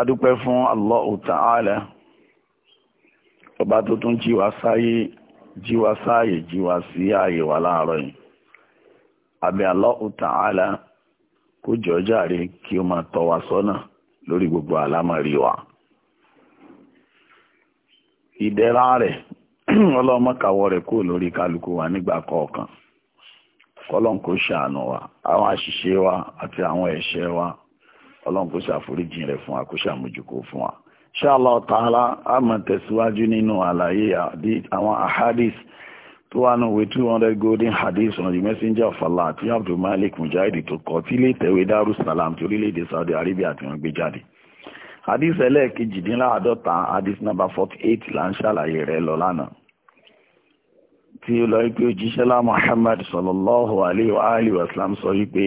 adúpẹ́ fún Allahu Ta'ala ọba tó tún jí wa sáyé jí wa sáyé jí wa sí ààyè wa láàárọ̀ yìí àbẹ̀ Allahu Ta'ala kó jọ jàre kí o máa tọ́ wa sọ́nà lórí gbogbo àlámọ̀rí wa ìdẹ̀ra rẹ̀ ọlọ́mọkàwọ́ rẹ̀ kúrò lórí kálukú wa nígbà kọ̀ọ̀kan kọ́lọ́n kó ṣàánú wa àwọn àṣìṣe wa àti àwọn ẹ̀ṣẹ̀ wa ọlọ́run kó ṣàforíjì rẹ̀ fún wa kó ṣàmójúkó fún wa inshallah ta'ala a máa tẹ̀síwájú nínú àlàyé àwọn ahadis tó wà ní ìwé two hundred golden hadis, on the messenger of allah àti abdul malik mujahid tó kọ tí ilé ìtẹ̀wé darussalam ti orílẹ̀-èdè saudi arabia tí wọ́n gbé jáde hadith ẹlẹ́ẹ̀kejìdínláàádọ́ta hadis number forty eight là ń ṣàlàyé rẹ̀ lọ lánàá tí ó lọ wípé òjíṣẹ́lá muhammad sallallahu alayhi wa wa sallam sọ wípé.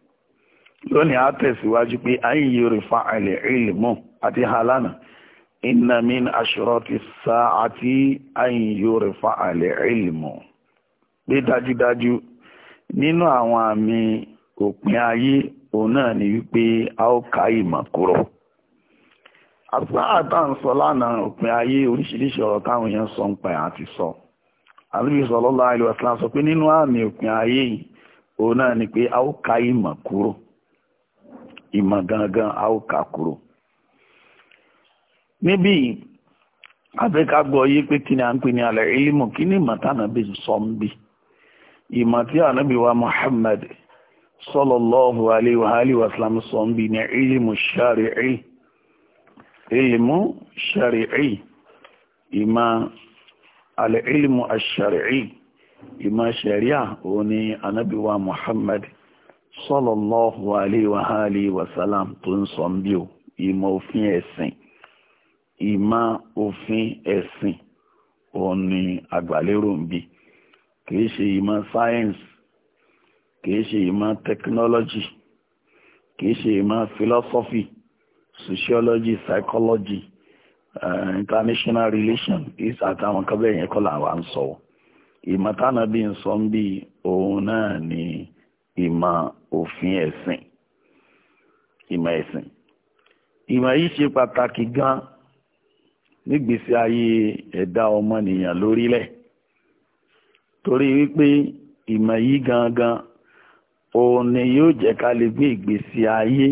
lónìí a tẹ̀síwájú pé ayé yorì fa àìlè àti halana iná min aṣọ́rọ̀ ti sa àti ayé yorì fa àìlè ìlìmọ̀ pé dájúdájú nínú àwọn àmì òpin ayé òun náà ni wípé a ó ìmọ̀ kúrò lánàá òpin ayé oríṣiríṣi ọ̀rọ̀ táwọn èèyàn sọ ń pa àti sọ sọ pé nínú àmì òpin ayé yìí a ó ìmọ̀ ìmọ̀ gangan a ó kà kúrò níbí afẹ́kàgbọ́ yí pé kí ni a ń pè ní alẹ́ ilmu kí ni ìmọ̀ tánà bí sọ ń bí ìmọ̀ tí ànábì wa Muhammad sallallahu alaihi wa sallam sọ ń bí ní ilmu shari'i ilmu shari'i ìmọ̀ alẹ́ ilmu ashari'i ìmọ̀ sharia òun ni ànábì wa Muhammad sallallahu alaihi wa wa salam tó ń sọ bí o ìmọ̀ òfin ẹ̀sìn ìmọ̀ òfin ẹ̀sìn òun ni àgbàlérò ń bí kìí ṣe ìmọ̀ sáyẹ́ǹsì kìí ṣe ìmọ̀ tẹkinọ́lọ́jì kìí ṣe ìmọ̀ fílọ́sọ́fì sociology psychology uh, international relation is àtàwọn kan bẹ́ẹ̀ yẹn kọ́ làwa ń sọ ìmọ̀ tánà bí ń sọ bí òun òfin ẹ̀sìn ìmọ̀ ẹ̀sìn ìmọ̀ yìí ṣe pàtàkì gan nígbésí ayé ẹ̀dá ọmọnìyàn lórílẹ̀ torí wípé ìmọ̀ yìí gangan òun ni yóò jẹ́ ká lè gbé ìgbésí ayé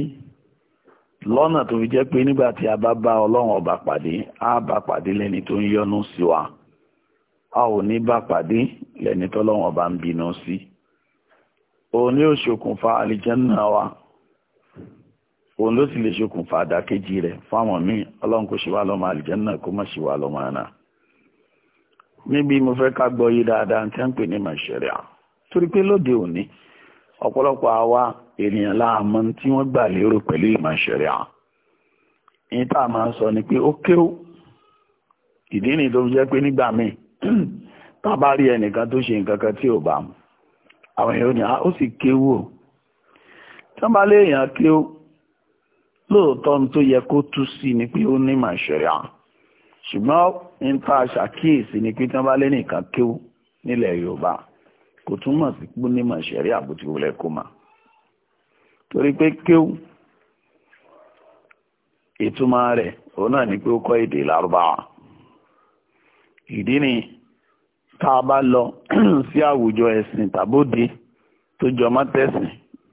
lọ́nà tó fi jẹ́ pé nígbà tí a bá bá ọlọ́run ọba pàdé á bá pàdé lẹ́ni tó ń yọ́nú sí wa a ò ní bá pàdé lẹ́ni tọ́lọ́run ọba ń bínú sí. Si òun ni ó ṣokùnfà àlìjẹ́nà wa òun ló sì lè ṣokùnfà àdákejì rẹ̀ fáwọn míì ọlọ́run kò lọ́mọ àlìjẹ́nà kó lọ́mọ àná níbi mo fẹ́ ká gbọ́ yí dáadáa tí ń pè a máa ń sọ ni pé ó kéwò ìdí tó fi jẹ́ pé nígbà míì tá a àwọn èèyàn ní ah, ó sì kéwò tí wọ́n bá lé èèyàn kí ó lóòótọ́ ní tó yẹ kó tú sí ni pé ó ní màṣẹ̀yà ṣùgbọ́n ní ta ṣàkíyèsí ni pé tí wọ́n bá lé nìkan kéwò nílẹ̀ Yorùbá kò túmọ̀ sí pé ó ní màṣẹ̀rí àbútiwọlẹ̀ kó mà torí pé kéwò ìtumọ̀ rẹ̀ òun náà ni pé ó kọ́ èdè lárúbáwá ìdí ni tá bá lọ sí àwùjọ ẹ̀sìn tàbóde tó jọmọ́ tẹ̀sìn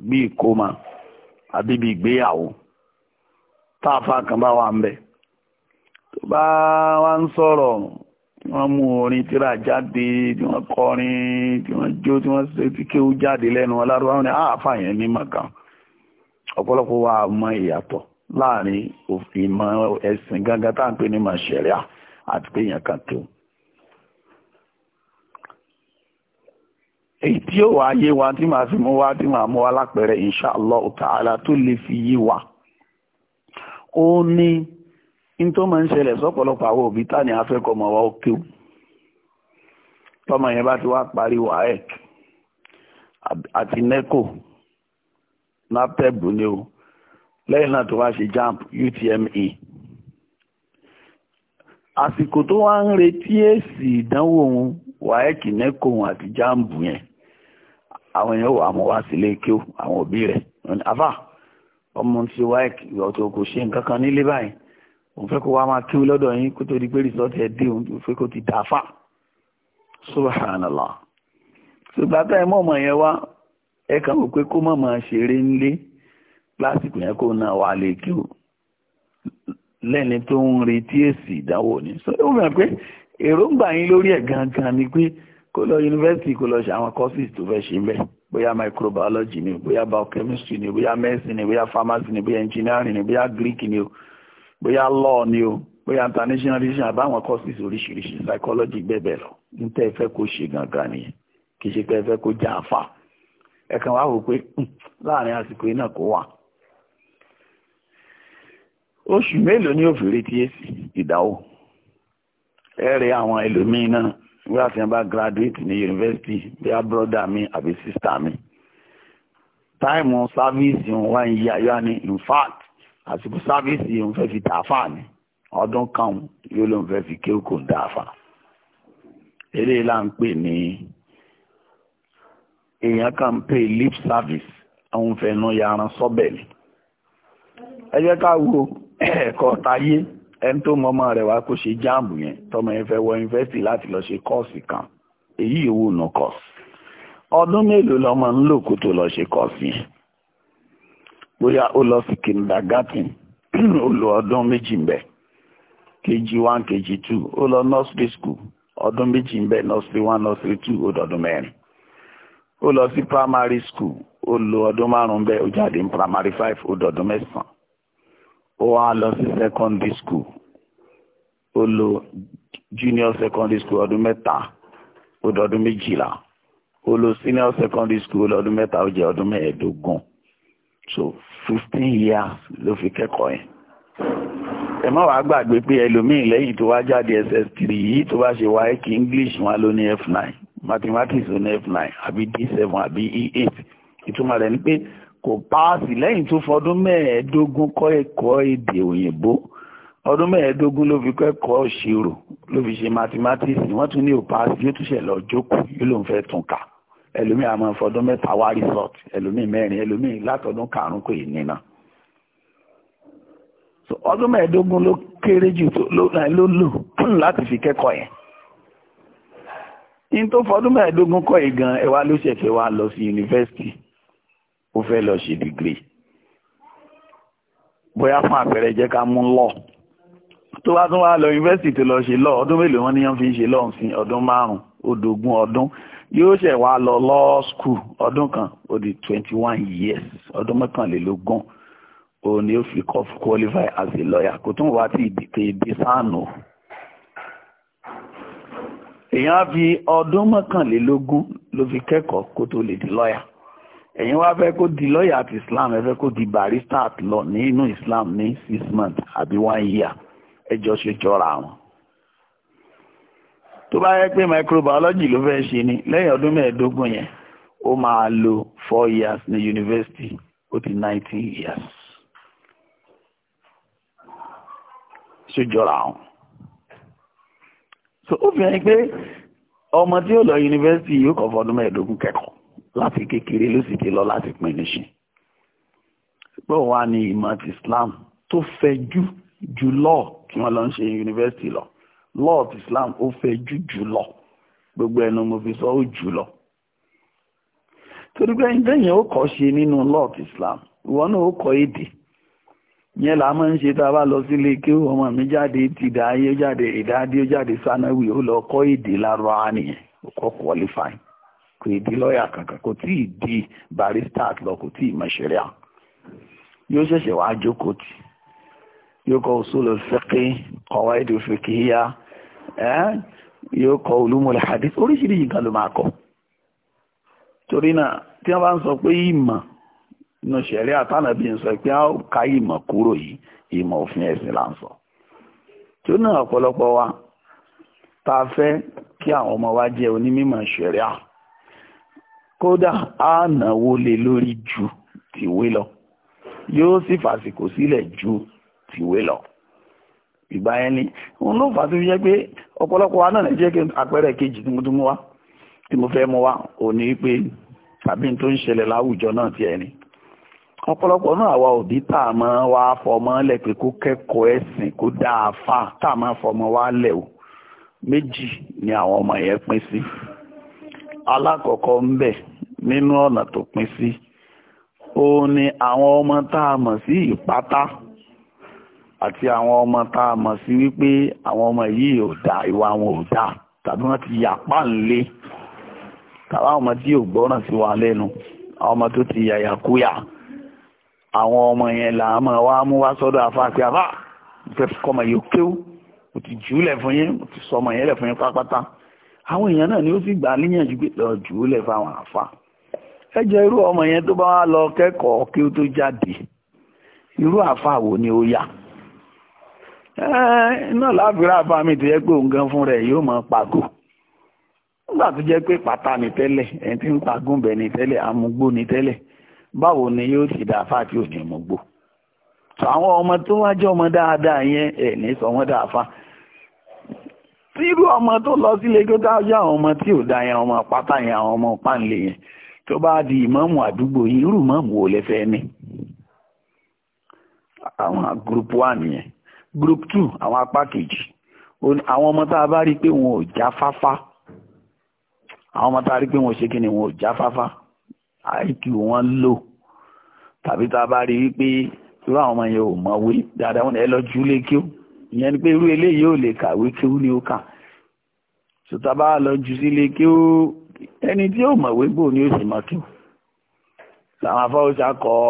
bí ìkómà àbí bí ìgbéyàwó tá a fa kan bá wà ń to tó bá wá ń sọ̀rọ̀ wọ́n mú orin ra jáde tí wọ́n kọrin tí wọ́n jó tí wọ́n ṣe tí kéwú jáde lẹ́nu ọlárúwá wọn ni àáfà yẹn ní mọ̀kàn ọ̀pọ̀lọpọ̀ wa mọ ìyàtọ̀ láàrin òfin ìmọ̀ ẹ̀sìn gangan tá à ń pè ní ati àti pé èèyàn kan èyí tí ó wà yé wa tí màá fi mú wá tí màá mú wá lápẹẹrẹ insha Allah ta'ala tó lè fi yé wa ó ní n tó máa ń ṣẹlẹ̀ sọ́pọ̀lọpọ̀ àwọn òbí tá ní afẹ́kọ̀ọ́ mọ̀ ó kéwù tọ́mọ yẹn bá ti wá parí waec àti neco naptep ni o lẹ́yìn náà tó wá ṣe jamb utme àsìkò tó wá ń retí èsì ìdánwò òun waec neco àti jamb yẹn àwọn èèyàn wà mú wá sílé kí ó àwọn òbí rẹ̀ àfà ọmọ ti wáìkì ìwà tó kò ṣe nǹkan kan nílé báyìí òun fẹ́ kó wá máa kí lọ́dọ̀ yín kó tó di pé rìsọ́ọ̀tì ẹ̀ dé òun fẹ́ kó ti dà fà subhanallah ṣùgbọ́n táyà mọ̀mọ́ yẹn wá ẹ kàn wò pé kó mọ̀ máa ṣeré ńlé lásìkò yẹn kó náà wà lè kí o lẹ́ni tó ń retí èsì ìdánwò ni ó mọ̀ pé èròǹgbà yín lórí ẹ̀ gangan ni pé kó lọ yunifásitì kó lọ ṣe àwọn courses tó fẹ́ ṣe ń bẹ̀ bóyá microbiology ni bóyá biochemistry ni bóyá medicine ni bóyá pharmacy ni bóyá engineering ni bóyá greek ni o bóyá law ni o bóyá international relations àbáwọn courses oríṣiríṣi psychology bẹ́ẹ̀ lọ ní ẹ fẹ́ kó ṣe gangan nìyẹn kì í ṣe pé ẹ fẹ́ kó ni nígbà tí wọ́n bá graduate ní yunifásitì bí a brọ́dà mi àbí sísítà mi táìmù sáfíìsì wọn wá ń yí ayọ́ ni in fact àsìkò sáfíìsì yìí ń fẹ́ fi tààfà ni ọdún kan yóò ló ń fẹ́ fi kéwù kò dáàfà eléyìí là ń pè ní èèyàn kan ń pè lip service àwọn fẹnu yaran sọ́bẹ̀ ni ẹ jẹ́ ká wo ẹ̀kọ́ tayé ẹni tó mọ ọmọ rẹ̀ wá kó ṣe jáàmù yẹn tọmọ yẹn fẹ́ wọ yunifásitì láti lọ ṣe kọ́ọ̀sì kan èyí ìwò nà kọ́ọ̀sì ọdún mélòó lọmọ ń lò kó tó lọ ṣe kọ́ọ̀sì yẹn bóyá ó lọ sí kindergarten ó lo ọdún méjì ńbẹ kg one kg two ó lọ nursery school ọdún méjì ńbẹ nursery one nursery two ó dọdún mẹ́rin ó lọ sí primary school ó lo ọdún márùn-ún ó jáde ní primary five ó dọdún mẹ́sàn-án ó wá lọ sí secondary school ó lò junior secondary school ọdún mẹ́ta ó dọ ọdún méjìlá ó lò senior secondary school ó lọ ọdún mẹ́ta ó jẹ ọdún mẹ́ẹ̀ẹ́dógún so fifteen years ló fi kẹ́kọ̀ọ́ yẹn ẹ má wàá gbàgbé pé ẹlòmíín lẹ́yìn tó wá jáde ss3 yìí tó bá ṣe wáyé kí english wọn ló ní f nine, mathematics ló ní f nine, àbí d7 àbí e8 ìtumọ̀ rẹ̀ ni pé kò páàsì lẹ́yìn tó fọdún mẹ́ẹ̀ẹ́dógún kọ́ ẹ̀kọ́ èdè òyìnbó ọdún mẹ́ẹ̀ẹ́dógún ló fi kọ́ ẹ̀kọ́ ìṣirò ló fi ṣe mathematics wọ́n tún ní ò páàsì yóò tún ṣẹ̀ lọ jókòó yóò lòun fẹ́ tún kà ẹlòmíì àmọ́ fọdún mẹ́ta wá resort ẹlòmíì mẹ́rin ẹlòmíì látọdún karùn-ún kò yìí nínà ọdún mẹ́ẹ̀ẹ́dógún ló kéré jù ló lò láti fi kẹ́kọ̀ọ́ yẹn ní tó fọdún mẹ́ẹ̀ẹ́dógún kọ́ yìí gan ẹwà ló ṣẹ̀ṣẹ̀ wá lọ sí yunifásitì ó fẹ́ lọ ṣe dìgírì bóyá fún àpẹẹrẹ jẹ́ ká mú lọ tó bá tún wá lọ yunifásitì tó lọ ṣe lọ ọdún mélòó wọn ni wọn fi ń ṣe lọ́hùn sí ọdún márùn odògún ọdún yóò ṣẹ̀ wá lọ law school ọdún kan ó di twenty one years ọdún mọ́kànlélógún òun ni ó fi qualify as a lawyer kò tún wá tí ìdìtẹ̀ ìdí sáànù èèyàn á fi ọdún mọ́kànlélógún ló fi kẹ́kọ̀ọ́ kó tó lè di lọ́yà ẹ̀yin wá fẹ́ kó di lọ́ọ̀yà àti islam ẹ fẹ́ kó di barista at law ní inú islam ní six months àbí one year ẹjọ́ ṣe jọra wọn. tó bá yẹ pé microbiology ló fẹ́ ṣe ni lẹ́yìn ọdún mẹ́ẹ̀ẹ́dógún yẹn ó máa lo four years ní university ó ti nineteen years. ṣe jọra wọn. so ó fi hàn pé ọmọ tí ó lọ yunifásitì yóò kọ́ fọdún mẹ́ẹ̀ẹ́dógún kẹ́kọ̀ọ́ láti kékeré ló sì ti lọ láti pín níṣìn pé wà ìmọ̀ ti Islam tó fẹ̀ jù jù lọ tí wọ́n lọ ń ṣe yunifásitì lọ law of Islam ó fẹ̀ jù jù lọ gbogbo ẹnu mo fi sọ ó jù lọ torí pé ẹni tẹ́yìn ó kọ́ ṣe nínú law of Islam ìwọ náà ó kọ́ èdè yẹn là máa ń ṣe tá a bá lọ sílé kí ọmọ mi jáde tìdá ayé jáde ìdádé jáde sánáwì ó lọ kọ́ èdè lárọ́ á nìyẹn ó kọ́ qualifying kò ì di lọ́ọ̀yà kankan kò tí ì di barista lọ kò tí ì mọ̀ ṣẹ̀ríà yóò ṣẹ̀ṣẹ̀ wá jókòó tì yóò kọ́ usul al-fiqh qawaid al-fiqhiyya yóò kọ́ ulumul hadith oríṣiríṣi nǹkan ló máa kọ́ torí náà tí wọ́n bá ń sọ pé ìmọ̀ inú ṣẹ̀ríà tánàbí ń sọ pé a ó ká ìmọ̀ kúrò yìí ìmọ̀ òfin ẹ̀sìn là ń sọ tí ó náà ọ̀pọ̀lọpọ̀ wa tá fẹ́ kí àwọn ọmọ wa jẹ́ onímọ̀ ṣẹ̀ríà kódà á náwó lé lórí ju tìwé lọ yóò sì fàsìkò sílẹ̀ ju tìwé lọ ìgbà yẹn ni òun ló fà á tó fi jẹ́ pé ọ̀pọ̀lọpọ̀ wa náà lè jẹ́ àpẹẹrẹ kejì tí mo tún mú wá tí mo fẹ́ mú wá òní pé tàbí tó ń ṣẹlẹ̀ láwùjọ náà tiẹ̀ ni ọ̀pọ̀lọpọ̀ náà àwa òbí tá a máa wá fọmọ lẹ̀ pé kó kẹ́kọ̀ọ́ ẹ̀sìn kó dáa fà tá a máa fọmọ wá lẹ̀ o méjì ni àwọn ọmọ yẹn pín sí alákọ̀ọ́kọ́ ń bẹ̀ nínú ọ̀nà tó pín sí òun ni àwọn ọmọ tá a mọ̀ sí ìpátá àti àwọn ọmọ tá a mọ̀ sí wípé àwọn ọmọ yìí ò dá ìwà wọn ò dá tàbí wọ́n ti yàpá ńlé tàbí àwọn ọmọ tí ò gbọ́ràn sí wa lẹ́nu àwọn ọmọ tó ti yàyàkúyà àwọn ọmọ yẹn là á máa wá mú wá sọ́dọ̀ àfáàfin àfáà fẹ́ yìí ó kéwú ó ti jù ú fún yín ó ti sọmọ yẹn lẹ̀ fún yín pátápátá àwọn èèyàn náà ni ó sì gbà níyànjú pé lọ jù ú lẹ̀ fáwọn àfa ẹ jẹ́ irú ọmọ yẹn tó bá wá lọ kẹ́kọ̀ọ́ kí ó tó jáde irú àfa wo ni ó yà náà láàbíra àfa mi tó yẹ pé òun gan fún rẹ̀ yóò mọ pàgò nígbà tó jẹ́ pé pátá ni tẹ́lẹ̀ ẹni tí ń pagúnbẹ̀ ni tẹ́lẹ̀ amúgbó ni tẹ́lẹ̀ báwo ni yóò sì dà fáà tí ò ní mú gbó àwọn ọmọ tó wájú ọmọ dáadáa yẹn ẹ̀ ní sọ wọ́n dáa fáà tírú ọmọ tó lọ sílé kí ó dá yá àwọn ọmọ tí ò dá yẹn ọmọ pátá yẹn àwọn ọmọ páńlé yẹn tó bá di ìmáàmù àdúgbò yìí irú ìmáàmù wo lẹ fẹ́ ní àwọn group one yẹn group two àwọn apá kejì àwọn ọmọ tá a bá rí pé wọn ò já fáfá àwọn ọmọ tá a rí pé wọn ò ṣe kí ni wọn ò já fáfá iq wọn lò tàbí tá a bá rí wípé irú àwọn ọmọ yẹn ò mọ̀wé dáadáa wọn ẹ lọ jù lé kí ó ìyẹn ni pé irú eléyìí ò lè kàwé kí ó ní ó kà sọta bá lọ jù sílé kí ó ẹni tí ó mọ̀wé bò ní ó sì mọ̀ kí ó sàwọn afọ́wọ́sà kọ́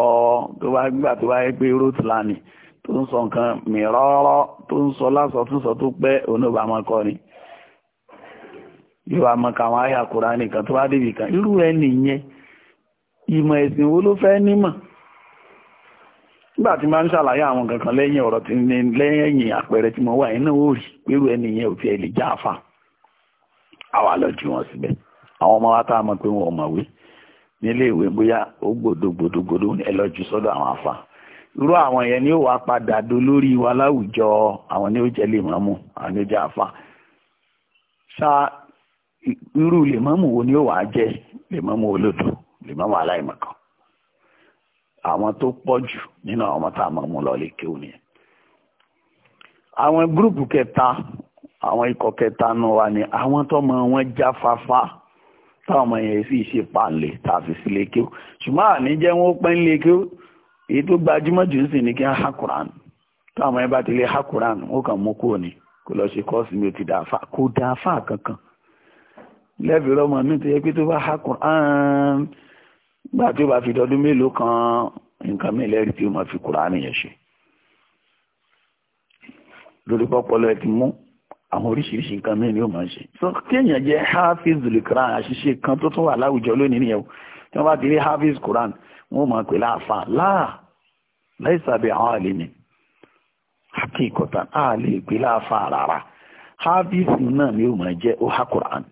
tó bá gbà tó bá yẹ pé road planning tó ń sọ nǹkan mìíràn tó ń sọ lásọ tó ń sọ tó pẹ́ oníbà ni yóò máa ka àwọn àyà nìkan tó bá débi kan irú ẹni yẹn ìmọ̀ ẹ̀sìn wo ló fẹ́ nímọ̀ nígbà tí máa ń ṣàlàyé àwọn kankan lẹ́yìn ọ̀rọ̀ tí ní lẹ́yìn àpẹẹrẹ tí mo wà iná òòrì pẹ̀lú ẹni yẹn ò tiẹ̀ lè já àfà àwa lọ wọn síbẹ̀ àwọn ọmọ wa tá a mọ̀ pé wọn ò mọ̀wé nílé ìwé bóyá ó gbòdò ẹ lọ jù sọ́dọ̀ àwọn irú àwọn yẹn ni ó padà do lórí wa láwùjọ àwọn ni ó lè àwọn ni ó àwọn tó pọ̀ jù nínú àwọn tá a máa mú lọ lè kéwù nìyẹn. àwọn gúrùpù kẹta àwọn ikọ̀ kẹta nù wa ni àwọn tọ́mọ wọn jáfáfá táwọn ọmọ yẹn sì ṣe pàlè tá a fi sí lè kéwù ṣùgbọ́n àní jẹ́ wọn ó pẹ́ ń lè kéwù èyí tó gbajúmọ̀ jù sí ni kí wọ́n há kuran táwọn ọmọ yẹn bá ti lè há kuran ó kàn mú kúrò ni kó lọ ṣe kọ́ọ̀sì mi ò ti dà fà kó dà fà kankan lẹ́bìrì ọmọ mi tó yẹ pé tó bá há kuran gbà tí ó bá fi dọdún mélòó kan nǹkan mi lẹ́rìí tí ó máa fi Kùránì yẹn ṣe lórí pọ́pọ́lọ́ ẹ ti mú àwọn oríṣiríṣi nǹkan mi ni ó máa ń ṣe so kéèyàn jẹ́ hafiz lukran àṣìṣe kan tó tún wà láwùjọ lónìí nìyẹn tí wọ́n bá ti rí hafiz Quran wọ́n máa pè láàfà láà láìsàbẹ̀ àwọn àlè ni hakikatan àlè pè láàfà rárá hafiz náà ni ó máa jẹ́ ó Quran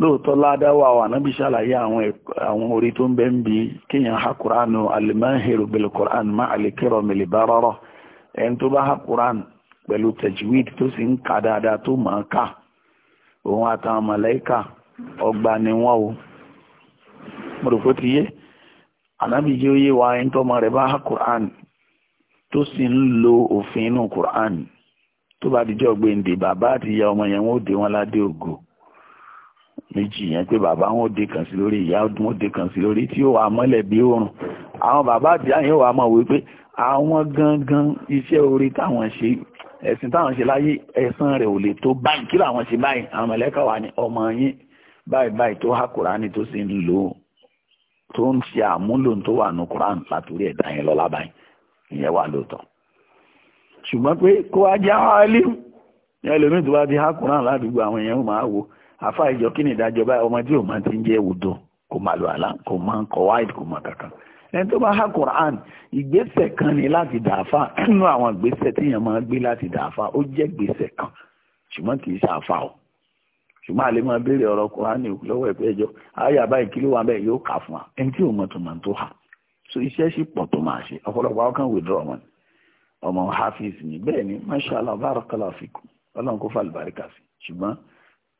lóòótọ́ ládàwà wà náà bí ṣàlàyé àwọn orí tó ń bẹ́ ń bi ha alimahiru bil ma alikiro milibaroro ẹni tó bá ha kuran pẹ̀lú tajwid tó sì ń ka dáadáa tó ka òun àtàwọn mọ̀lẹ́kà ọgbà ni wọ́n o mọ̀rọ̀fó ti yé wa ẹni tó rẹ̀ bá ha kuran tó sì ń lo òfin inú kuran tó bá dijọ́ ọmọ yẹn wọ́n ó dé wọn méjì yẹn pé bàbá wọn dé kan sí lórí ìyá wọn dé kan sí lórí tí ó wà mọ́lẹ̀ bí oòrùn àwọn bàbá àti àyìn ó wà mọ̀ wípé àwọn gangan iṣẹ́ orí táwọn ṣe ẹ̀sìn táwọn ṣe láyé ẹ̀san rẹ̀ ò lè tó báyìí kí làwọn ṣe báyìí àwọn mẹ̀lẹ́kà wà ní ọmọ yín báyìí báyìí tó há kùránì tó sì ń lò ó tó ń ṣe àmúlò tó wà ní kùránì látòrí ẹ̀dá yẹn lọ́lá báyìí ìyẹn wà lóòótọ́ ṣùgbọ́n pé kó wá jẹ́ àwọn ẹlẹ́mìí tó bá ti há kùránì ládùúgbò àwọn èèyàn máa wò ó àfa ìjọ kí ni ìdájọ́ báyìí ọmọ tí òun máa ti ń jẹ́ òdo kò máa lo àlá kò máa ń kọ wáìdì kò máa kankan ẹni tó bá há Quran ìgbésẹ̀ kan ni láti dàáfà nínú àwọn ìgbésẹ̀ tíyàn máa gbé láti dàáfà ó jẹ́ ìgbésẹ̀ kan ṣùgbọ́n kì í ṣàfà o ṣùgbọ́n àlè máa béèrè ọ̀rọ̀ Quran lọ́wọ́ ẹ̀pẹ́ ẹjọ́ ayé àbáyé kí ló wà bẹ́ẹ̀ yóò kà fún wa ẹni tí òun mọ̀tò máa tó hà so iṣẹ́ sì pọ̀ tó máa ṣe ọ̀pọ̀lọpọ̀ àwọn kan withdraw wọn ọmọ hafiz ni bẹ́ẹ̀ ni mashallah barakallahu fikum ọlọ́run kó fà lùbáríkà sí ṣùgbọ́n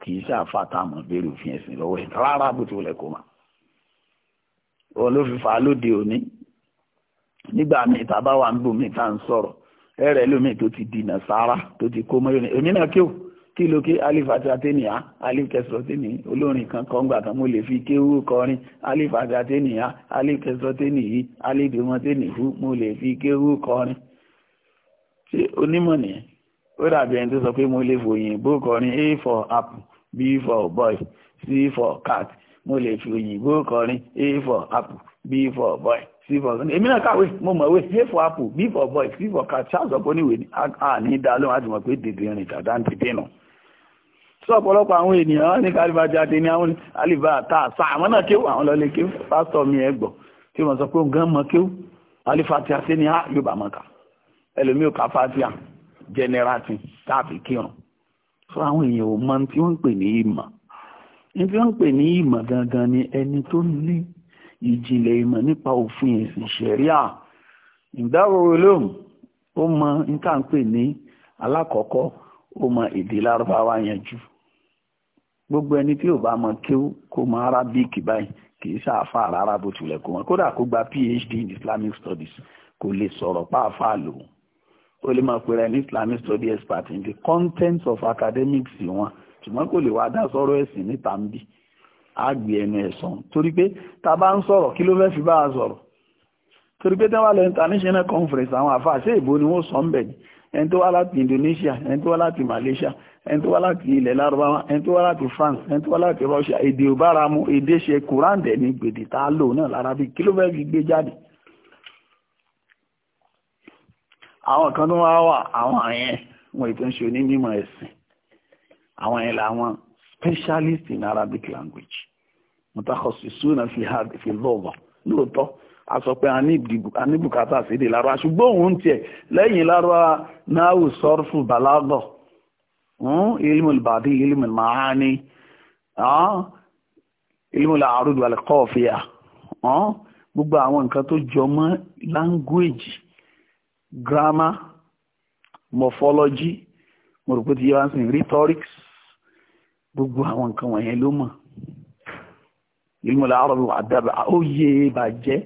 kì í ṣàfà táàmù béèrè òfin ẹ̀sìn lọ́wọ́ ẹ̀ rárá bó ti wọlé kó mà wọn ló fi fà á lóde òní nígbà míì tá a bá wà ń bò míì tá à ń sọ̀rọ̀ ẹ̀rẹ̀ lómi tó ti dìnà sára tó ti kó mọ́yọ́ ni èmi náà kéwù kí ló ké alif àti atẹ́nìyà alif kẹsìrọ̀ tẹ́nìyà olórin kan kan gbà kan mo lè fi kéwù kọrin alif àti atẹ́nìyà alif kẹsìrọ̀ tẹ́nìyì alif dèmọ́ tẹ́nìyù mo lè fi kéwù kọrin ṣé onímọ̀ nìyẹn ó dàbí ẹni tó sọ pé mo lè fòyìnbó kọrin a for apple b for boy c for cat mo lè fi òyìnbó kọrin a for apple b for boy c for èmi náà kàwé mo mọ̀wé a for apple b for boy c for cat ṣáàṣọ pé oníwèé ni a ní dá lóhùn àti mọ̀ pé dèdè rìn dàda ń dèdè nù sí ọ̀pọ̀lọpọ̀ àwọn ènìyàn ní kálífà jáde ní àwọn àlìbá àta àṣà àwọn náà kéwù àwọn lọlé kéwù pásítọ̀ mi ẹ̀ gbọ́ tí wọ́n sọ pé òun gan mọ kéwù àlìfà tí a ṣe ní yorùbá mọ̀ká ẹlòmíì ò ká fàtíà generative tàbí kírun so àwọn èèyàn ò mọ tí wọ́n ń pè ní ìmọ̀ ní tí wọ́n ń pè ní ìmọ̀ gangan ni ẹni tó ní ìjìnlẹ̀ ìmọ̀ nípa òfin ẹ̀sìn ṣẹ̀ríà ìdáwó olóhùn ó mọ níta ń pè ní alákọ̀ọ́kọ́ ó mọ èdè lárúbáwá yẹn jù gbogbo ẹni tí ò bá mọ kéwú kó mọ arabic báyìí kì í ṣàfà rárá bó tilẹ̀ kó wọn kódà kó gba phd in islamic studies kò lè sọ̀rọ̀ pàáfàá lòun ó lè máa pèrè ní islamic study expert in the content of academics wọn ṣùgbọ́n kò lè wá dá sọ̀rọ̀ ẹ̀sìn níta ń bì á gbé ẹnu ẹ̀sán torí pé tá a bá ń sọ̀rọ̀ kí ló fẹ́ fi bá a sọ̀rọ̀ torí pé táwọn lọ international conference àwọn àfáà ṣé ìbò ni wọ́n sọ ń bẹ̀ ni ẹni tó wá láti Indonesia ẹni tó wá láti Malaysia ẹni tó wá láti ilẹ̀ Lárúbáwá ẹni tó wá láti France ẹni tó wá láti Russia èdè ò bára mu èdè ṣe Quran ni ní gbèdè tá a lò náà lára bí kí ló fẹ́ fi gbé jáde àwọn kan tó wá wà àwọn yẹn wọn ètò ń ṣe onímọ̀ ẹ̀sìn àwọn yẹn làwọn specialist in Arabic language mutakhasisuna fi hard fi lọ́wọ́ lóòótọ́ a sọ pé a ní bùkátà sídè lárúbá ṣùgbọ́n òun tiẹ̀ lẹ́yìn lárúbá náàwù sọ́rfù bàlágọ̀ hmm, ilmu ìbàdí ilmu ìmáhání ah, ilmu ìlàrúdù alẹ́kọ́ọ̀fíà ah, gbogbo àwọn nǹkan tó jọ mọ́ language grammar morphology mo rò pé ti yẹ wá sí rhetorics gbogbo àwọn nǹkan wọ̀nyẹn ló mọ̀ ilmul arabi wà dábà ó yé bàjẹ́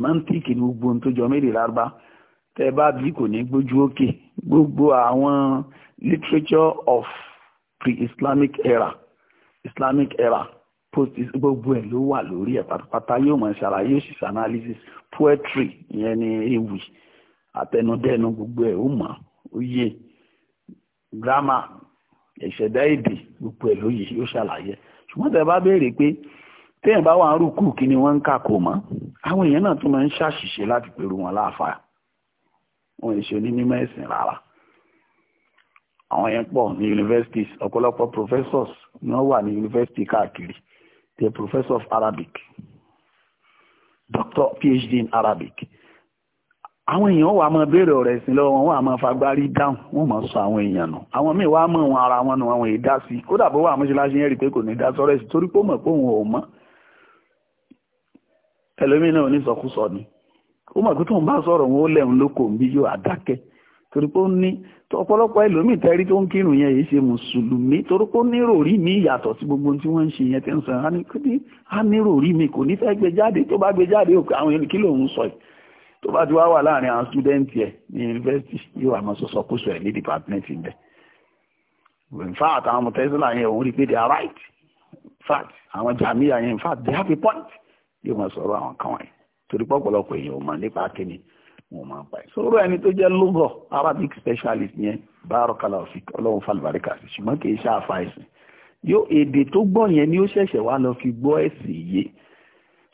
mọ́ntíkì ní gbogbo tó jọ méjì lárúbá tẹ́ bá bí kò ní gbójú òkè gbogbo àwọn literature of pre-islamic era islamic era post gbogbo ẹ̀ ló wà lórí ẹ̀ pátápátá yóò mọ̀ ṣàlàyé òṣìṣẹ́ analysis poetry ìyẹn ni ewì àtẹnudẹ́nu gbogbo ẹ̀ ó mọ̀ ó yé gírámà ìṣẹ̀dá èdè gbogbo ẹ̀ ló yé ó ṣàlàyé ṣùgbọ́n tẹ́ bá béèrè pé téèyàn bá wà ń rúkú kí ni wọ́n ń kà kò mọ́ àwọn èèyàn náà tún máa ń ṣàṣìṣe láti pèrú wọn láàfáà wọn èso ní mímọ̀ rárá àwọn yẹn pọ̀ ní universities ọ̀pọ̀lọpọ̀ professors ni wọ́n wà ní university káàkiri the professor of Arabic doctor PhD in Arabic àwọn èèyàn wà máa béèrè ọ̀rọ̀ ẹ̀sìn lọ́wọ́ wọn wà máa fagbárí dáhùn wọn máa sọ àwọn èèyàn nù àwọn míì wà mọ̀ wọn ara wọn nù àwọn èèdá sí i kódà bó wà mọ́ṣáláṣí yẹn rí i pé kò ní dá sọ́rọ̀ ẹ̀sìn torí pé ó mọ̀ pé òun ò mọ̀ ẹlòmíì náà onísọkúsọ ni ó mọ̀ pé tóun bá sọ̀rọ̀ wọn ó lẹ́hùn lóko ń bí yóò àdákẹ́ torí pé ó ní ọ̀pọ̀lọpọ̀ ẹlòmíì tẹ́rí tó ń kírun tó bá ti wá wà láàrin àwọn student ẹ̀ ní yunifásitì yóò àmọ́ sọ̀sọ̀ kó sọ ẹ̀ ní department ẹ̀ in fact àwọn ọmọ tẹ́sílà yẹn òun rí pé they are right Infact, fact àwọn jàmíyà yẹn in they have a point yóò mọ̀ sọ̀rọ̀ àwọn kan wọ̀nyí torí pọ̀pọ̀lọpọ̀ èèyàn ò mọ̀ nípa kíni wọn máa ń pa ẹ̀ sọ̀rọ̀ ẹni tó jẹ́ lógọ̀ Arabic specialist yẹn báárọ̀kálà òfin ọlọ́run falùbáríkà sí ṣùgbọ́n kì í ṣàfà ẹ̀sìn yóò èdè tó gbọ́ yẹn ni ó ṣẹ̀ṣẹ̀ wá lọ fi gbọ́ ẹ̀sìn yìí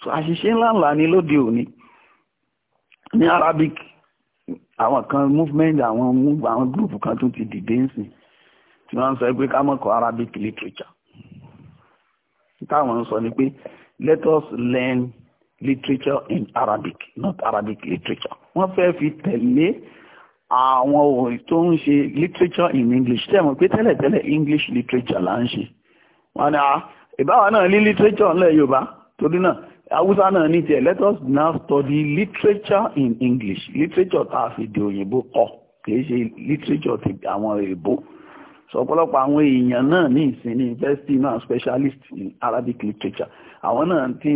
so àṣìṣe ńláńlá ni lóde òní ní Arabic àwọn kan movement àwọn àwọn group kan tún ti dìde ń sìn tí wọ́n ń sọ pé ká Arabic literature táwọn ń sọ ni pé let us learn literature in Arabic not Arabic literature wọ́n fẹ́ fi tẹ̀lé àwọn òòrùn tó ń ṣe literature in English tẹ́ mọ̀ pé tẹ́lẹ̀tẹ́lẹ̀ English literature là ń ṣe wọ́n ní ah, ìbáwa náà ní literature ńlẹ̀ Yorùbá torí náà Awúsá náà ní tiẹ̀ let us now study literature in English literature tá a fi di òyìnbó kọ kìí ṣe literature ti àwọn èèbó ọ̀pọ̀lọpọ̀ àwọn èèyàn náà ní ìsìn ní university náà specialist in Arabic literature àwọn náà ti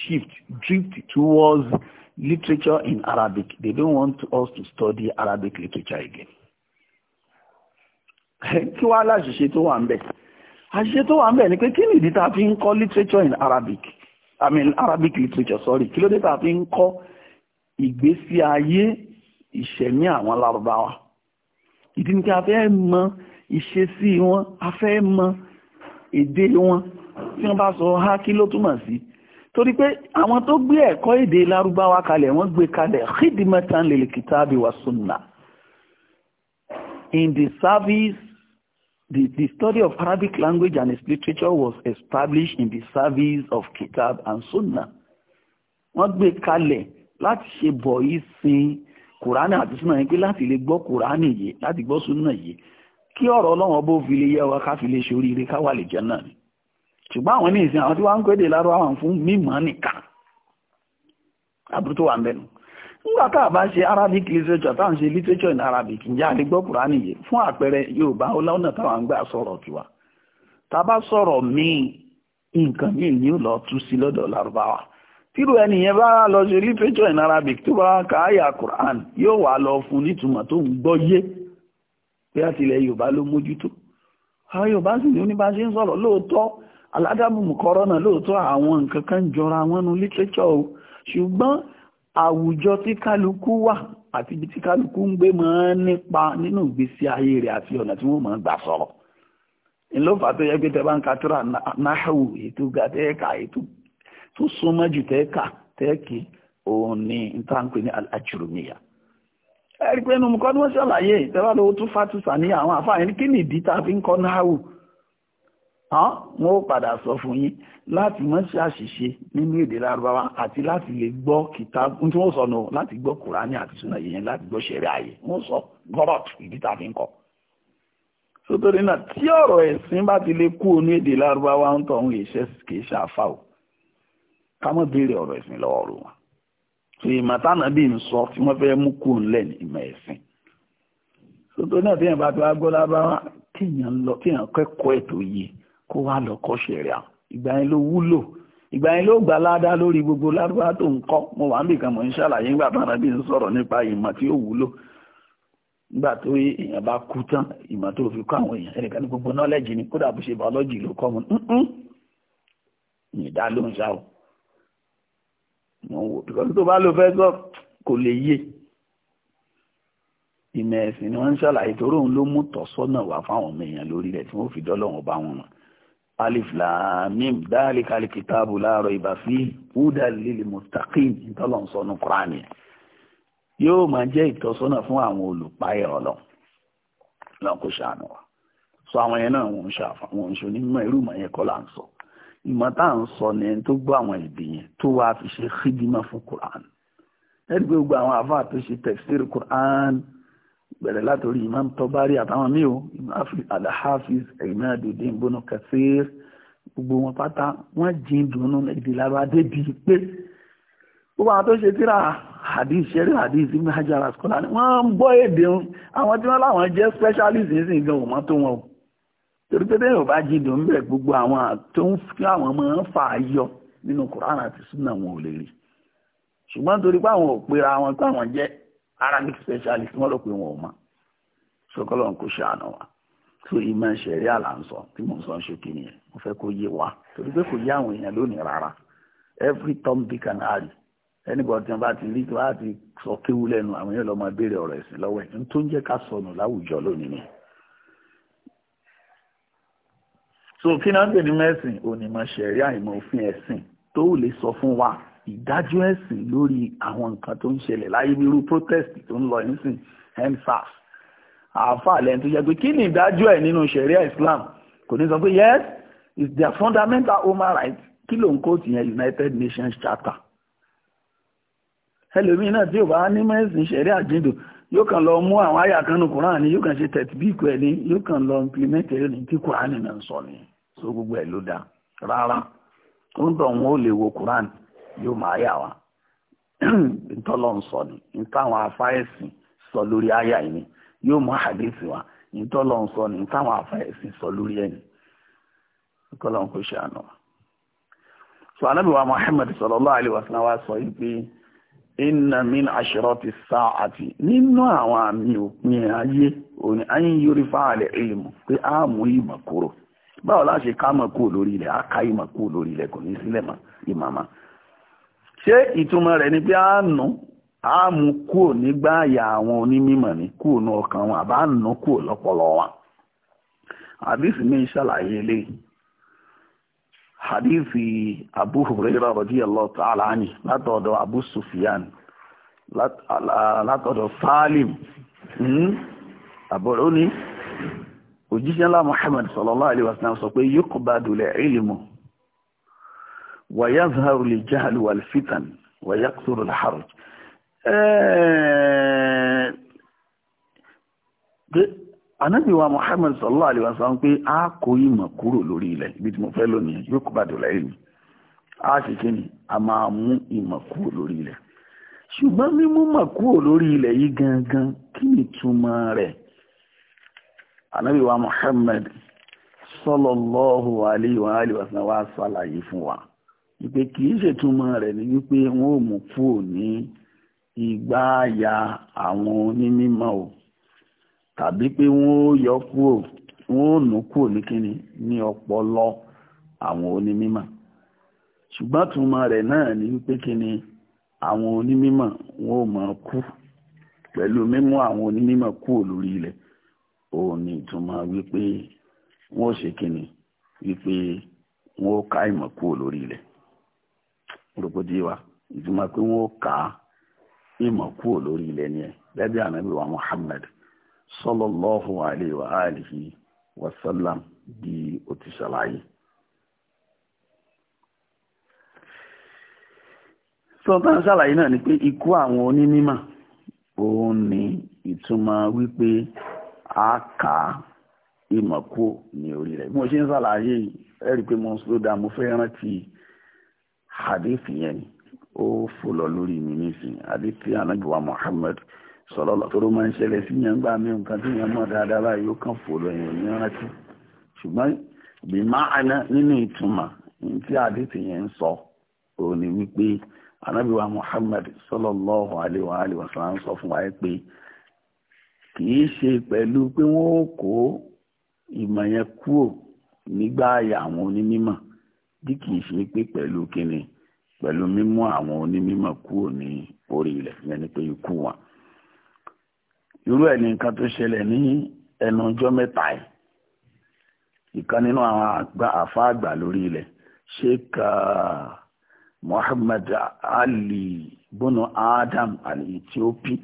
shift drift towards literature in Arabic they don't want us to study Arabic literature again. kí wàá láṣìṣe tó wà ń bẹ̀ àṣìṣe tó wà ń bẹ̀ ni pé kí nìdí tá a fi ń kọ́ literature in Arabic I mean Arabic literature sorry kí ló dé tàbí ń kọ́ ìgbésí ayé ìṣẹ̀mí àwọn Lárúbáwá ìdí ni pé a fẹ́ mọ ìṣesí wọn a fẹ́ mọ èdè wọn tí wọ́n bá sọ ha kí ló túmọ̀ sí torí pé àwọn tó gbé ẹ̀kọ́ èdè Lárúbáwá kalẹ̀ wọ́n gbé kalẹ̀ khidmatan lil kitabi wa sunna, in the service The, the study of Arabic language and its literature was established in the service of Kitab and Sunnah. Wọ́n gbé kalẹ̀ láti ṣe bọ̀ yìí sin Kùránì àti Súnà yìí pé láti lè gbọ́ Kùránì yìí láti gbọ́ Súnà yìí kí ọ̀rọ̀ Ọlọ́run bó fi lè yẹ wa ká fi lè ṣe oríire ká wà lè jẹ́ náà ni. Ṣùgbọ́n àwọn ní ìsìn àwọn tí wọ́n ń kéde lárọ́ àwọn fún mímọ́ nìkan. Àbúrò tó wà ń bẹ̀rù nígbàtà bá ṣe arabic literature tá à ń ṣe literature in arabic ǹjẹ́ àdígbọ́ kùránì yìí fún àpẹẹrẹ yorùbá ọlọ́nà táwọn gbà sọ̀rọ̀ tiwa tá bá sọ̀rọ̀ míì nǹkan míì ni ó lọ tú sí lọ́dọ̀ lárúbáwá tírú ẹni yẹn bá lọ ṣe literature in arabic tó bá ka àyà quran yóò wá lọ fún nítumọ̀ tó ń gbọ́ yé bí a tilẹ̀ yorùbá ló mójútó àwọn yorùbá sì ní oníbá ṣe ń sọ̀rọ̀ lóòótọ́ aládàbùmùkọ́rọ́ náà lóòótọ́ àwọn nǹkan kan jọra wọn nu literature o ṣùgbọ́n àwùjọ tí kálukú wà àti ibi tí kálukú ń gbé máa nípa nínú ìgbésí ayé rẹ̀ àti ọ̀nà tí wọ́n máa ń gbà sọ̀rọ̀ ńlọ́fà tó yẹ pé tẹ́ bá ń ka tíra náhàwù ètò ga tẹ́ẹ̀ka ètò tó súnmọ́ jù tẹ́ẹ̀ka tẹ́ẹ̀kì òun ni n tá ń pè ní ẹ̀rí pé ni wọ́n ṣàlàyé hàn wọn ó padà sọ fún yín láti má ṣe àṣìṣe nínú èdè lárúbáwá àti láti lè gbọ́ kìtà tí wọ́n sọ nù láti gbọ́ kùránì àti súnà yẹn láti gbọ́ ṣẹ̀rí ààyè wọ́n sọ gọ́rọ̀t ìdí tá a fi ń kọ́ sotori náà tí ọ̀rọ̀ ẹ̀sìn bá ti lè kú ní èdè lárúbáwá ń tọ̀hún ìṣẹ́ kìí ṣàfà o ká mọ̀ béèrè ọ̀rọ̀ ẹ̀sìn lọ́wọ́ rò wọn so ìmọ̀ táwọn bí ń sọ tí wọ́n fẹ́ mú kú ńlẹ̀ ìmọ̀ ẹ̀ kó wá lọ kọ́ ṣẹ̀ríà ìgbà yẹn ló wúlò ìgbà yẹn ló gbà ládá lórí gbogbo lárúbá tó ń kọ́ mo wà níbìkan mò ń ṣàlàyé nígbà tó arábí ń sọ̀rọ̀ nípa ìmọ̀ tí ó wúlò nígbà tó èèyàn bá kú tán ìmọ̀ tó fi kọ́ àwọn èèyàn ẹnìkan ní gbogbo nọ́lẹ́jì ni kódà bó ṣe bọ́lọ́jì ló kọ́ mu ìdá ló ń ṣá o mo ń wò bíkọ́sí tó bá lọ fẹ́ sọ kò lè yé ìmọ̀ ẹ̀sìn ni wọ́n ń ṣàlàyé torí òun ló mú tọ́sọ́nà wá fáwọn ọmọ èèyàn lórí rẹ̀ tí wọ́n fi dọ́lọ́wọ́n bá wọn mọ̀ alif lamim dáàlìkà alkitabu láàrọ̀ ìbá fi húdà lílì mustaqim ìtọ́lọ̀ ń sọnù kúránì yóò máa jẹ́ ìtọ́sọ́nà fún àwọn olùpáyà ọlọ́run lọ́n kò ṣàánú wa sọ àwọn yẹn náà wọ́n ń ṣàfà wọ́n ń ṣe onímọ̀ irú ìmọ̀ yẹn kọ́ là ń sọ ìmọ̀ tá à ń sọ ni ẹni tó gbọ́ àwọn èdè yẹn tó fi ṣe xidima fún kúránì ẹ̀rí pé gbogbo àwọn àfáà tó ṣe tẹ̀síìrì kúránì bẹ̀rẹ̀ látòrí imam tọ́bárí àtàwọn míì o alhafiz ẹ̀yìnmá dòdì ìbónú kẹsír gbogbo wọn pátá wọn jìn dùnú èdè lára débi pé gbogbo àwọn tó ṣe tíra hadith ṣeré hadith ibn hajar asukọ́lá ni wọ́n ń gbọ́ èdè wọn àwọn tí wọ́n láwọn jẹ́ specialist nísìnyí gan ò mọ́ tó wọn o torí pé bẹ́ẹ̀ ò bá jìn dùnú bẹ̀ gbogbo àwọn tó ń fi àwọn ọmọ ń fà á yọ nínú kùránà àti súnà wọn ò lè rí ṣùgbọ́n torí pé àwọn ò pera wọn àwọn jẹ́ Arabic specialist wọ́n rò pé wọn ò mọ̀ sọkọlọ́ kò ṣàánú wa tó ìmọ̀ ṣẹ̀rí àlàǹsọ̀ tí mò ń sọ ṣe kí nìyẹn mo fẹ́ kó yé wa torí pé kò yé àwọn èèyàn lónìí rárá every Tom Dick and Harry anybody tí wọ́n bá ti rí tí wọ́n á ti sọ kéwú lẹ́nu àwọn èèyàn lọ́mọ béèrè ọ̀rọ̀ ẹ̀sìn lọ́wọ́ ẹ̀ tó ń jẹ́ ká sọnù láwùjọ lónìí ni. so kí náà ń pè ní mẹ́sìn onímọ̀ ṣẹ̀rí àìmọ̀ òfin ẹ̀sìn tó lè sọ fún wa ìdájọ́ ẹ̀sìn lórí àwọn nǹkan tó ń ṣẹlẹ̀ láyé bí irú protest tó ń lọ nísìn endsars àáfàá lẹ́yìn tó jẹ́ pé kí ni ìdájọ́ ẹ̀ nínú sharia islam kò ní sọ pé yes it's their fundamental human right kí ló ń kó tìyẹn united nations charter ẹlòmíín náà tí ò bá ní mẹ́sìn sharia àjíǹdò yóò kàn lọ mú àwọn àyà kan nu kùrán ni yóò kàn ṣe tẹ̀tí bí ìkú ẹ̀ ní yóò kàn lọ implement ẹ̀ ní tí kùrán nìyẹn sọ ni so gbogbo ẹ̀ ló dáa rárá ó ń tọ̀ wọn ó lè wo kùrán ni yóò máa yà wá ntọ́lọ́ ń sọ ni ntáwọn sọ lórí àyà yìí ni yóò mú àdéhìsì wá ntọ́lọ́ sọ ni ntáwọn afáẹ̀sìn sọ lórí ẹ̀yìn ntọ́lọ́ ń ṣe àná. sọ anábì wa wa sọ yìí pé inna min ashirati nínú àwọn àmì òpin ayé òní ayé fáàlẹ̀ ìlmù pé a mú ìmọ̀ kúrò báwo ká mọ̀ kúrò lórí ilẹ̀ ká ìmọ̀ kúrò lórí ilẹ̀ kò ṣé ìtumọ̀ rẹ̀ ni pé a nù á mú kúò nígbà àyà àwọn onímọ̀ ní kúò ní ọkàn wọn àbá nù kúò lọ́pọlọ wọn àdìsí mi ṣàlàyé eléyìí hadithi abu huraira radiyallahu ta'ala anhi látọ̀dọ̀ abu sufyan látọ̀dọ̀ salim àbúrò hmm? ní òjíṣẹ́lá muhammad sallallahu alaihi wasallam sọ pé yuqbadu al-ilmu ويظهر الجهل والفتن ويكثر الحرج Ànábì wa Muhammad sallallahu alaihi wasallam pé a kó ìmọ̀ kúrò lórí ilẹ̀ ibi tí mo fẹ́ lónìí yóò kó bá dọ̀là ìlú a sì kí ni a máa mú ìmọ̀ kúrò lórí ilẹ̀ ṣùgbọ́n mímú mọ̀ kúrò lórí ilẹ̀ yìí gangan kí ni túmọ̀ rẹ̀ Ànábì wa Muhammad sallallahu alaihi wa alihi wasallam wa ṣàlàyé fún wa. ìpè kì í ṣètumọ̀ rẹ̀ ni wípé wọn ò mú ìgbà àyà àwọn onímọ̀ o tàbí pé wọn ò yọ kúrò wọn ò nù kúrò ní ní ọpọlọ ṣùgbọ́n túmọ̀ rẹ̀ náà ni wípé kíni àwọn onímọ̀ wọn ò máa kú pẹ̀lú mímú àwọn onímọ̀ kúrò lórí ilẹ̀ ni tụma wípé wọn ò ṣe kíni wípé wọn ò ká ìmọ̀ kúrò lórí ilẹ̀. rògbòdì wa ìtumọ̀ pé wọ́n kà á ìmọ̀ kúrò lórí ilẹ̀ ni ẹ̀ lẹ́bí ànábì wa Muhammad sallallahu alayhi wa alihi wa sallam bí ó ti ṣàlàyé. sọ́tà ń ṣàlàyé náà ni pé ikú àwọn onímọ̀ òun ni ìtumọ̀ wípé a kà á ìmọ̀ kúrò ní orí rẹ̀ bí mo ṣe ń ṣàlàyé ẹ pé mo slow down mo fẹ́ rántí. hadith yẹn ni ó fò lọ lórí mi nísìnyí hadith tí ànábì wa Muhammad sọlọ́lọ́ tó ló máa ń ṣẹlẹ̀ sí yẹn gbà mí nǹkan tí yẹn mọ̀ dáadáa kàn fò yẹn ní rántí ṣùgbọ́n bí máa nínú ìtumọ̀ tí hadith yẹn ń sọ òun wípé sọ bí kìí ṣe pé pẹ̀lú kíni pẹ̀lú mímú àwọn onímọ̀ kúrò ní orí ilẹ̀ yẹn ni pé ikú wọn. irú ẹ̀ ní nǹkan tó ṣẹlẹ̀ ní ẹnu ọjọ́ mẹ́ta ẹ̀ ìkan nínú àwọn àfa àgbà lórí ilẹ̀ sheikh uh, muhammad ali bono adam al-ethiopi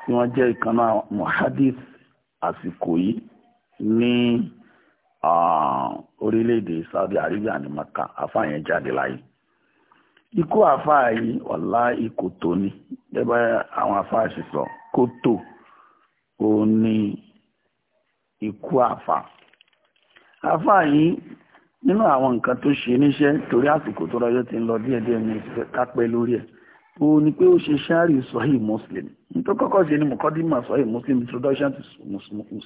tí wọ́n jẹ́ ìkan náà muhadith àsìkò yìí ní. Ni orílẹ̀-èdè Saudi Arabia ní Maka àfáà yẹn jáde láyé ikú àfáà yìí wàlá ikú tó ní gẹ́gẹ́ àwọn àfáà ṣe sọ kó tó ó ní ikú àfáà àfáà yìí nínú àwọn nǹkan tó ṣe níṣẹ́ torí àsìkò tó rọjọ́ ti ń lọ díẹ̀díẹ̀ ní kápẹ́ lórí ẹ̀ ó ní pé ó ṣe ṣáàrì sọ́hì muslim nítorí kọ́kọ́ ṣe ni mọ̀kọ́dímà sọ́hì muslim introduction to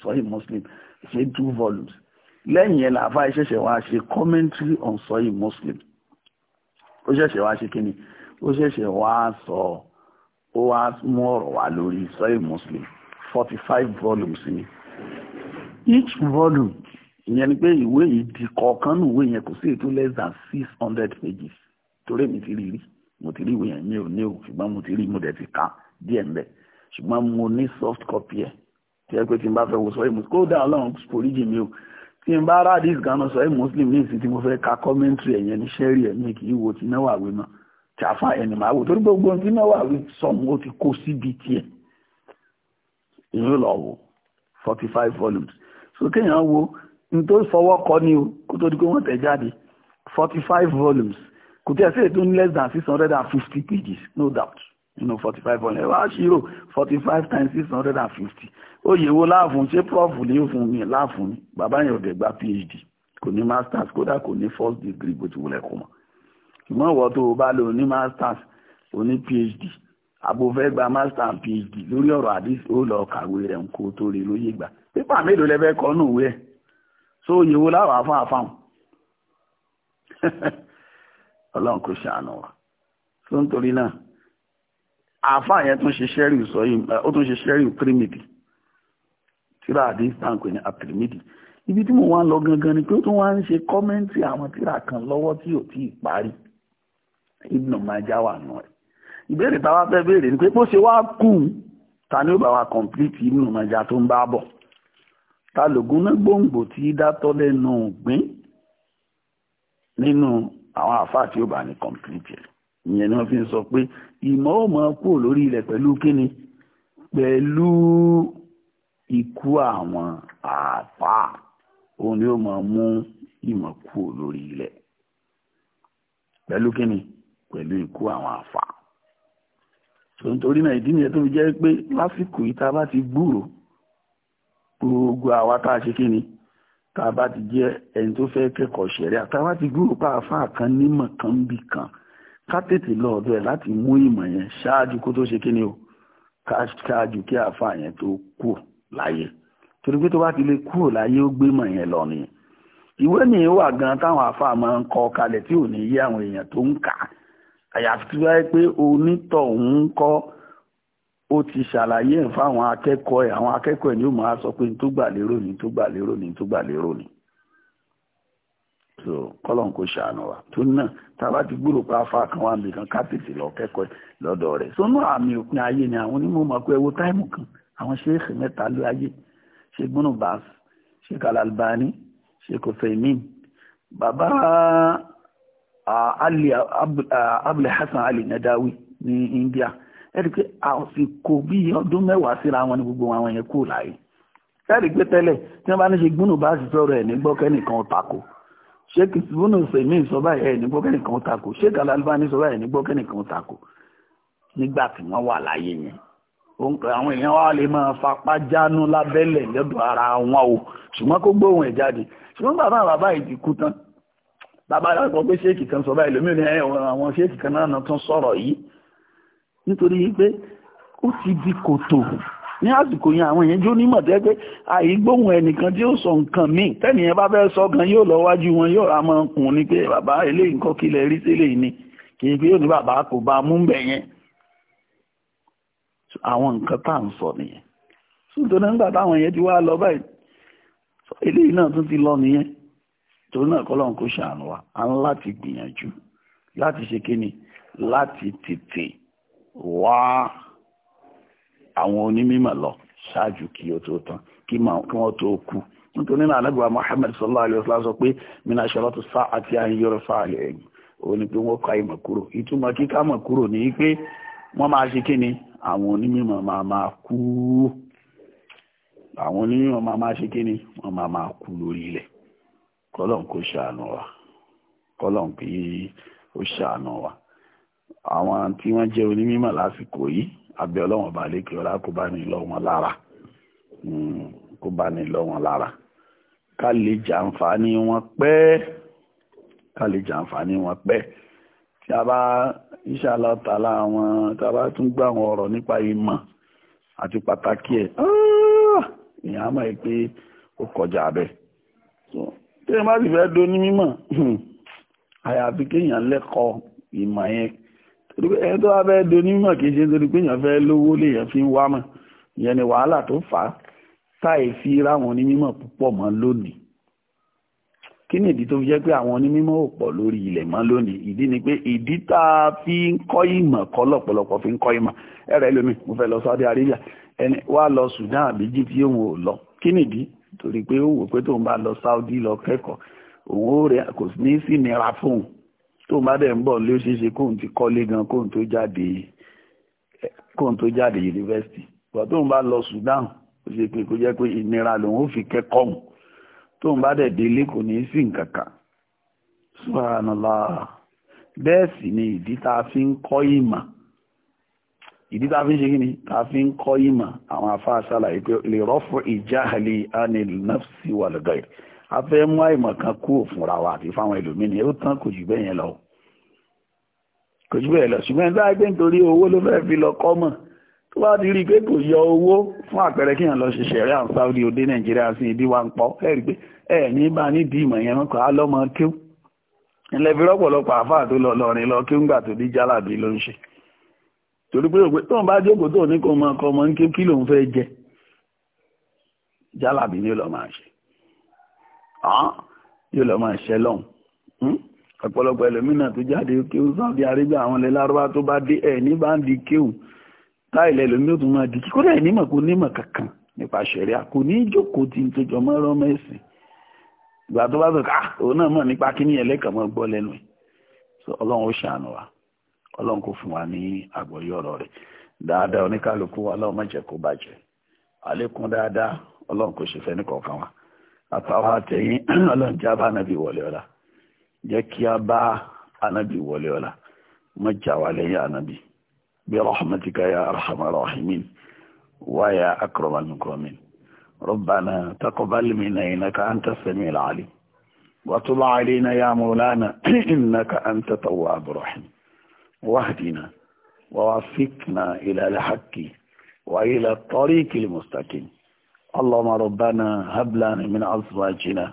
sọ́hì muslim ṣe two volumes lẹ́yìn yẹn làáfà ìṣẹ̀ṣẹ̀ wá ṣe commentary on sọ́yìn muslim ó ṣẹ̀ṣẹ̀ wá ṣe kíni ó ṣẹ̀ṣẹ̀ wá sọ ó wá mú ọ̀rọ̀ wá lórí sọ́yìn muslim forty five volumes ni each volume ìyẹn ni pé ìwé yìí di kọ̀ọ̀kan nù ìwé yẹn kò sí ètò less than six hundred pages torí èmi ti rí rí mo ti rí ìwé yẹn mi ò ní o ṣùgbọ́n mo ti rí mo dẹ̀ ti kà díẹ̀ ń bẹ̀ ṣùgbọ́n mo ní soft copy ẹ̀ tí ẹ pé tí n bá fẹ́ wo sọ́yìn muslim kódà ọlọ́run foríjì mi o tí n bá rà dis gan sọ ẹ muslim ní ìsìn tí mo fẹ́ ka commentary ẹ̀yẹn ní sẹ́rí ẹ̀ ní kì í wo ti náwó àwé mọ́ tàfà ẹni máa wò torí gbogbo tí náwó àwé sọ̀mù ó ti kó síbi tiẹ̀ èyí lọ wò forty five volumes so kéèyàn wo n tó fọwọ́ kọ ni o kó tó di pé wọ́n tẹ̀ jáde forty five volumes kò tí ẹ sì tún less than six hundred and fifty pages no doubt nínú forty five hundred wá ṣírò forty five times six hundred and fifty ó yẹ̀wò láàfún ṣé prof ní fún mi láàfún ni bàbá yẹn ò dẹ̀ gba phd kò ní masters kódà kò ní first degree bó ti wulẹ̀ kó mọ̀ ṣùgbọ́n ìwọ tó o bá lò ní masters o ní phd abofẹ́ gba master and phd lórí ọ̀rọ̀ àdìs ó lọ kàwé rẹ̀ nǹkó tó rí lóye gbà pépà mélòó lẹ́fẹ́ kọ́ nù wẹ́ so yẹ̀wò láwọn afọ́n afáwọn ọlọ́run kò ṣàánú wa so nítorí náà àfáà yẹn tún ṣe ṣẹ́rìù sọ yìí ó tún ṣe ṣẹ́rìù pírímìdì tíra àdéhùn táǹkì ní àpírímìdì ibi tí mo wá lọ gangan ni pé ó tún wá ń ṣe kọ́mẹ́ǹtì àwọn tíra kan lọ́wọ́ tí ò tí ì parí Ibn Majah wà nù ẹ̀ ìbéèrè táwa fẹ́ béèrè ni pé bó ṣe wá kù ta ni ó bá wa kọ̀ǹpìlìtì Ibn Majah tó ń bá bọ̀ ta lògùn náà gbòǹgbò tí dátọ́ lẹ́nu ògbín nínú àwọn àfáà tí ó bá ní kọ̀ǹpìlìtì ẹ̀ ìyẹn ni wọ́n fi ń sọ pé ìmọ̀ ò mọ̀ kúrò lórí ilẹ̀ pẹ̀lú kíni pẹ̀lú ikú àwọn àfáà òun ni ó máa mú ìmọ̀ kúrò lórí ilẹ̀ pẹ̀lú kíni pẹ̀lú ikú àwọn àfáà tó nítorí náà ìdí nìyẹn tó fi jẹ́ pé lásìkò yìí tá a bá ti gbúrò gbogbo àwa tá a ṣe kíni tá a bá ti jẹ́ ẹni tó fẹ́ kẹ́kọ̀ọ́ ṣẹ̀ríà tá ti gbúrò pa àfáà kan nímọ̀ kan bì kan ká tètè lọ ọ̀dọ̀ ẹ̀ láti mú ìmọ̀ yẹn ṣáájú kó tó ṣe kíni o ṣáájú kí àáfàá yẹn tó kù láyé torí pé tó bá ti lè kúrò láyé ó gbé mọ̀ yẹn lọ nìyẹn ìwé ni wà gan táwọn àáfàá máa ń kọ kalẹ̀ tí ò ní yé àwọn èèyàn tó ń kà àyàfi tí wáyé pé onítọ̀hún ń kọ́ ó ti ṣàlàyé ẹ̀ fáwọn akẹ́kọ̀ọ́ ẹ̀ àwọn akẹ́kọ̀ọ́ ẹ̀ ni ó máa sọ pé ní tó gbà lérò ní tó gbà lérò ní tó gbà lérò ní so kọ́lọ̀n kò ṣàánú wa tó náà tàbá ti gbúrò pa afá kan wá nìkan ká tètè lọ kẹ́kọ̀ọ́ lọ́dọ̀ rẹ̀ sónú àmì òpin ayé ni àwọn onímọ̀ mọ̀ pé ẹwọ táìmù kan àwọn ṣéèkì mẹ́ta ló ayé ṣe gbónú bàs ṣe kàlàlbani ṣe kòfẹ́mìn bàbá abdul hasan ali nadawi ní india ẹ̀rí pé àsìkò bíi ọdún mẹ́wàá síra wọn ni gbogbo àwọn yẹn kú láàyè ẹ̀rí pé tẹ́lẹ̀ tí wọ́n bá ní ṣe gbónú bàs sọ̀rọ̀ ẹ̀ nígbọ́kẹ́ nìkan tako sheik sibunu semin sọ báyìí ẹ̀ ní gbọ́kẹ́nì kan tako sheik alalibani sọ báyìí ní gbọ́kẹ́nì kan tako nígbà tí wọ́n wà láyé yẹn àwọn èèyàn wa lè máa fapá jánu lábẹ́lẹ̀ lọ́dọ̀ ara wọn o ṣùgbọ́n kó gbóhùn ẹ̀ jáde ṣùgbọ́n bàbá bàbá yìí ti kú tán bàbá yàrá sọ pé sheik kan sọ báyìí lómi ní àwọn sheik kan náà tún sọ̀rọ̀ yìí nítorí pé ó ti di kòtò ní àsìkò yẹn àwọn èèyàn jó nímọ̀ tẹ́ pé àìgbóhùn ẹnìkan tí ó sọ nǹkan míì tẹ́nìyàn bá fẹ́ sọ gan yóò lọ wájú wọn yóò ra máa kùn ni pé bàbá eléyìí nǹkan kí lẹ rí sílẹ̀ ni kì í pé yóò ní bàbá kò bá mú bẹ̀ yẹn àwọn nǹkan tá à ń sọ nìyẹn sóńtò náà nígbà táwọn yẹn ti wá lọ báyìí eléyìí náà tún ti lọ nìyẹn torí náà kọ́ lọ́n ṣàánú wa a ń láti gbìyànjú láti ṣe kíni láti tètè wá àwọn onímọ̀ lọ ṣáájú kí o tó tán kí wọ́n tó kú nítorí náà anábìwá Muhammad sallallahu alayhi sọ pé mina aṣọ́lọ́tò sá àti àyíyọ́rọ̀ fáàlẹ̀ ẹ̀yìn ó ní pé wọ́n ká kúrò ìtumọ̀ kíkà kúrò ní pé wọ́n máa ṣe kíni àwọn máa máa kú àwọn máa máa ṣe kíni wọ́n máa máa kú lórí ilẹ̀ kó ṣàánú wa kí ó ṣàánú wa. àwọn tí wọ́n jẹ́ onímọ̀ lásìkò yìí abẹ́ ọlọ́wọ̀n bá lékè ọlá kó bá ní lọ wọn lára hmm, kó bá ní lọ wọn lára ká lè jàǹfààní wọn pẹ́ ká lè jàǹfààní wọn pẹ́ tí a bá inshallah ta'ala àwọn tí a bá tún gbọ́ àwọn ọ̀rọ̀ nípa ìmọ̀ àti pàtàkì ẹ̀ ìyẹn ah, á mọ̀ ẹ́ pé ó kọjá abẹ́ tí ẹ bá sì fẹ́ do mímọ̀ hmm, àyàfi kéèyàn lẹ́kọ̀ọ́ ìmọ̀ yẹn ẹni tó wá fẹ́ donímọ̀ kì í ṣe torí pé èèyàn fẹ́ lówó lèèyàn fi ń wá mọ̀ ìyẹn ni wàhálà tó fà á táì fi ráwọn onímọ̀ púpọ̀ mọ́ lónìí kí ni ìdí tó fi jẹ́ pé àwọn onímọ̀ ò pọ̀ lórí ilẹ̀ mọ́ lónìí ìdí ni pé ìdí tá a fi ń kọ́ ìmọ̀ kọ́ lọ́pọ̀lọpọ̀ fi ń kọ́ ìmọ̀ ẹ̀rẹ̀ lómi mo fẹ́ lọ Saudi Arabia ẹni wá lọ Sudan àbí Egypt yóò wò lọ kí ni ìdí torí pé ó wò pé tóun bá lọ Saudi lọ kẹ́kọ̀ọ́ òun ó rẹ kò ní sí nira fóun tó bá dẹ̀ ń bọ̀ lé ó ṣeé ṣe kóun ti kọ́lé gan kóun tó jáde kóun tó jáde yunifásitì ìgbà tóun bá lọ Sudan ó ṣe pé kó jẹ́ pé ìnira lòun ó fi kẹ́kọ̀ọ́ hùn tóun bá dẹ̀ délé kò ní í sí nǹkan kan subhanallah bẹ́ẹ̀ sì ni ìdí tá a fi ń kọ́ ìmọ̀ ìdí tá a fi ń ṣe kí ni tá a fi ń kọ́ ìmọ̀ àwọn afáàṣàlàyé pé lè rọ́fọ́ ìjáhàlì anil nafsi wal ghayr a fẹ́ mú àìmọ̀ kan kú òfúnra wa àti fáwọn ẹlòmíì ni ó tán kò jù bẹ́ẹ̀ yẹn lọ kò jù bẹ́ẹ̀ lọ ṣùgbọ́n tá a gbé nítorí owó ló fẹ́ fi lọ kọ́ mọ̀ tó bá ti rí i pé kò yọ owó fún àpẹẹrẹ kí èèyàn lọ ṣe ṣẹ̀rẹ́ àwọn Saudi òde Nàìjíríà sí ibi wa ń pọ̀ ẹ̀ rí pé ẹ̀ ní bá nídìí ìmọ̀ yẹn kọ́ á lọ́mọ kíw ilẹ̀ fi rọ́pọ̀lọpọ̀ àáfàá tó lọ lọrin lọ kí ń gbà tó dí jálàbí ló ń ṣe torí pé òpé tóun bá jókòó tó ní kó mọ ọkọ ọmọ ń ké kí lòun fẹ́ jẹ jálàbí ni ó lọ máa ṣe Ah, yóò lọ máa maa lọ́hùn hmm? ọ̀pọ̀lọpọ̀ ẹlòmínà tó jáde kéwù Saudi Arabia àwọn ilẹ̀ lárúbá tó bá dé ẹ̀ bá ń di kéwù táìlẹ̀ ẹlòmínà tó máa di kó nímọ̀ kankan nípa ní tí n mọ́ mẹ́sìn ìgbà tó bá òun náà mọ̀ nípa kíní ẹlẹ́kàn mọ́ ọlọ́run ó ṣàánú wa ọlọ́run kò fún wa ní àtàwọn àtẹ̀yìn ọlọ́run jẹ́ abá ànábì wọlé ọ̀la jẹ́ kí a bá ànábì wọlé ọ̀la má jà wà lẹ́yìn ànábì bí rahmatika ya arhamar rahimin wa ya akramal mukramin rabbana taqabbal minna innaka anta samiul alim wa tub alayna ya maulana innaka anta tawwabur rahim wahdina wa wafiqna ila al-haqqi wa ila at-tariqil mustaqim اللهم ربنا هب لنا من أزواجنا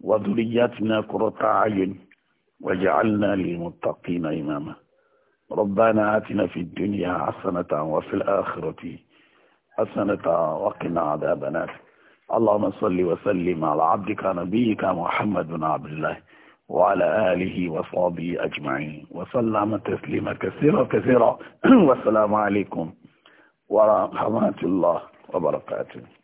وذرياتنا قرة أعين وجعلنا للمتقين إماما ربنا آتنا في الدنيا حسنة وفي الآخرة حسنة وقنا عذاب النار اللهم صل وسلم على عبدك نبيك محمد بن عبد الله وعلى آله وصحبه أجمعين وسلم تسليما كثيرا كثيرا والسلام عليكم ورحمة الله وبركاته